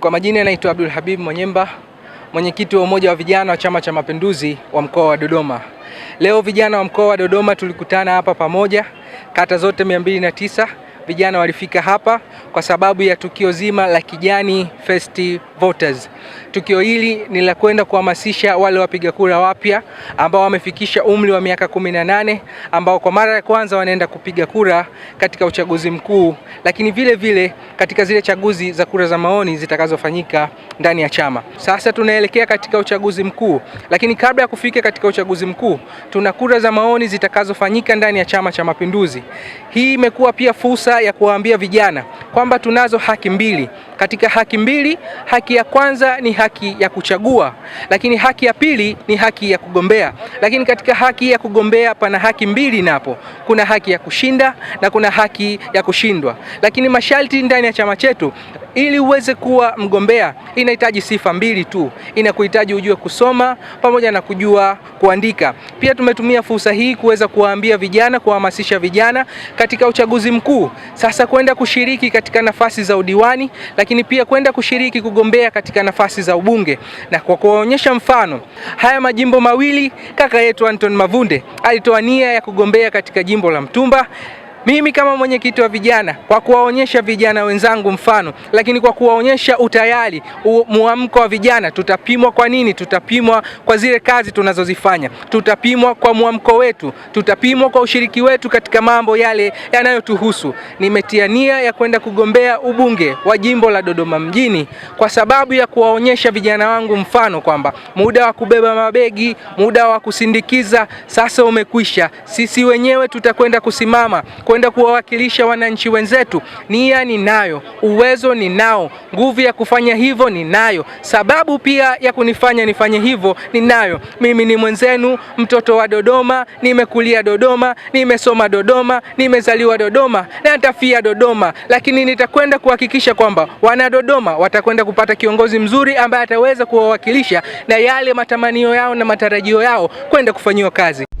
Kwa majina naitwa Abdul Habib Mwanyemba, mwenyekiti wa Umoja wa Vijana wa Chama cha Mapinduzi wa mkoa wa Dodoma. Leo vijana wa mkoa wa Dodoma tulikutana hapa pamoja kata zote 209 vijana walifika hapa kwa sababu ya tukio zima la Kijani First Voters. Tukio hili ni la kwenda kuhamasisha wale wapiga kura wapya ambao wamefikisha umri wa miaka 18 ambao kwa mara ya kwanza wanaenda kupiga kura katika uchaguzi mkuu, lakini vile vile katika zile chaguzi za kura za maoni zitakazofanyika ndani ya chama. Sasa tunaelekea katika uchaguzi mkuu, lakini kabla ya kufika katika uchaguzi mkuu, tuna kura za maoni zitakazofanyika ndani ya Chama cha Mapinduzi. Hii imekuwa pia fursa ya kuwaambia vijana kwamba tunazo haki mbili. Katika haki mbili, haki ya kwanza ni haki ya kuchagua, lakini haki ya pili ni haki ya kugombea. Lakini katika haki ya kugombea pana haki mbili, napo kuna haki ya kushinda na kuna haki ya kushindwa. Lakini masharti ndani ya chama chetu ili uweze kuwa mgombea inahitaji sifa mbili tu, inakuhitaji ujue kusoma pamoja na kujua kuandika. Pia tumetumia fursa hii kuweza kuwaambia vijana, kuwahamasisha vijana katika uchaguzi mkuu sasa kwenda kushiriki katika nafasi za udiwani, lakini pia kwenda kushiriki kugombea katika nafasi za ubunge, na kwa kuwaonyesha mfano haya majimbo mawili, kaka yetu Anton Mavunde alitoa nia ya kugombea katika jimbo la Mtumba mimi kama mwenyekiti wa vijana kwa kuwaonyesha vijana wenzangu mfano, lakini kwa kuwaonyesha utayari muamko wa vijana. Tutapimwa kwa nini? Tutapimwa kwa zile kazi tunazozifanya, tutapimwa kwa mwamko wetu, tutapimwa kwa ushiriki wetu katika mambo yale yanayotuhusu. Nimetia nia ya kwenda kugombea ubunge wa jimbo la Dodoma mjini kwa sababu ya kuwaonyesha vijana wangu mfano kwamba muda wa kubeba mabegi, muda wa kusindikiza sasa umekwisha. Sisi wenyewe tutakwenda kusimama kwenda kuwawakilisha wananchi wenzetu. Nia ninayo, uwezo ninao, nguvu ya kufanya hivyo ninayo, sababu pia ya kunifanya nifanye hivyo ninayo. Mimi ni mwenzenu, mtoto wa Dodoma, nimekulia Dodoma, nimesoma Dodoma, nimezaliwa Dodoma na nitafia Dodoma, lakini nitakwenda kuhakikisha kwamba wana Dodoma watakwenda kupata kiongozi mzuri ambaye ataweza kuwawakilisha na yale matamanio yao na matarajio yao kwenda kufanyiwa kazi.